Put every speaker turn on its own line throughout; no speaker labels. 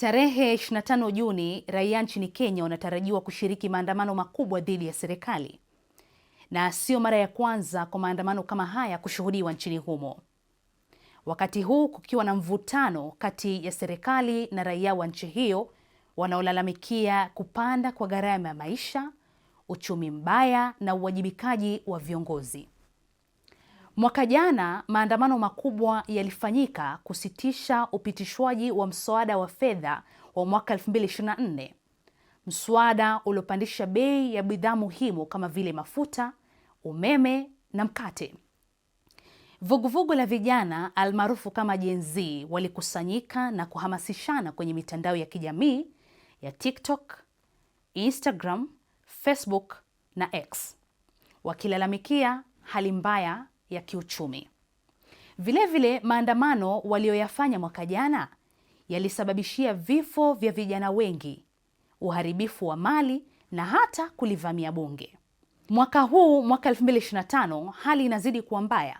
Tarehe 25 Juni, raia nchini Kenya wanatarajiwa kushiriki maandamano makubwa dhidi ya serikali, na sio mara ya kwanza kwa maandamano kama haya kushuhudiwa nchini humo, wakati huu kukiwa na mvutano kati ya serikali na raia wa nchi hiyo wanaolalamikia kupanda kwa gharama ya maisha, uchumi mbaya na uwajibikaji wa viongozi. Mwaka jana maandamano makubwa yalifanyika kusitisha upitishwaji wa mswada wa fedha wa mwaka 2024, mswada uliopandisha bei ya bidhaa muhimu kama vile mafuta, umeme na mkate. Vuguvugu la vijana almaarufu kama Gen Z walikusanyika na kuhamasishana kwenye mitandao ya kijamii ya TikTok, Instagram, Facebook na X wakilalamikia hali mbaya ya kiuchumi. Vilevile, maandamano walioyafanya mwaka jana yalisababishia vifo vya vijana wengi, uharibifu wa mali na hata kulivamia bunge. Mwaka huu mwaka 2025 hali inazidi kuwa mbaya.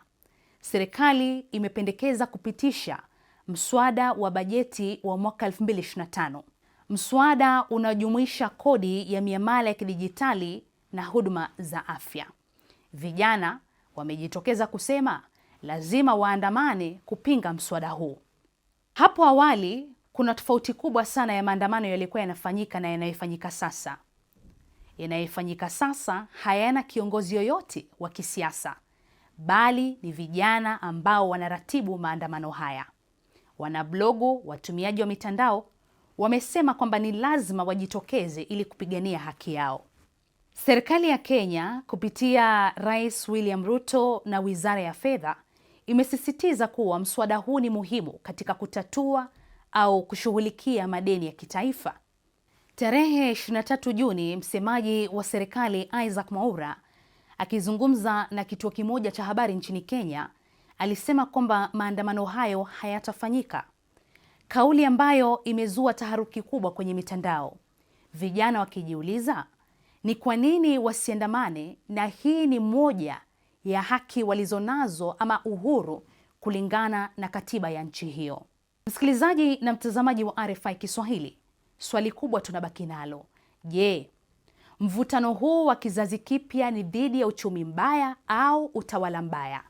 Serikali imependekeza kupitisha mswada wa bajeti wa mwaka 2025. Mswada unajumuisha kodi ya miamala ya kidijitali na huduma za afya. Vijana wamejitokeza kusema lazima waandamane kupinga mswada huu. Hapo awali kuna tofauti kubwa sana ya maandamano yaliyokuwa yanafanyika na yanayofanyika sasa. Yanayofanyika sasa hayana kiongozi yoyote wa kisiasa, bali ni vijana ambao wanaratibu maandamano haya. Wanablogu, watumiaji wa mitandao wamesema kwamba ni lazima wajitokeze ili kupigania haki yao. Serikali ya Kenya kupitia Rais William Ruto na Wizara ya Fedha imesisitiza kuwa mswada huu ni muhimu katika kutatua au kushughulikia madeni ya kitaifa. Tarehe 23 Juni, msemaji wa serikali Isaac Mwaura akizungumza na kituo kimoja cha habari nchini Kenya alisema kwamba maandamano hayo hayatafanyika, kauli ambayo imezua taharuki kubwa kwenye mitandao, vijana wakijiuliza ni kwa nini wasiandamane, na hii ni moja ya haki walizonazo ama uhuru kulingana na katiba ya nchi hiyo. Msikilizaji na mtazamaji wa RFI Kiswahili, swali kubwa tunabaki nalo. Je, mvutano huu wa kizazi kipya ni dhidi ya uchumi mbaya au utawala mbaya?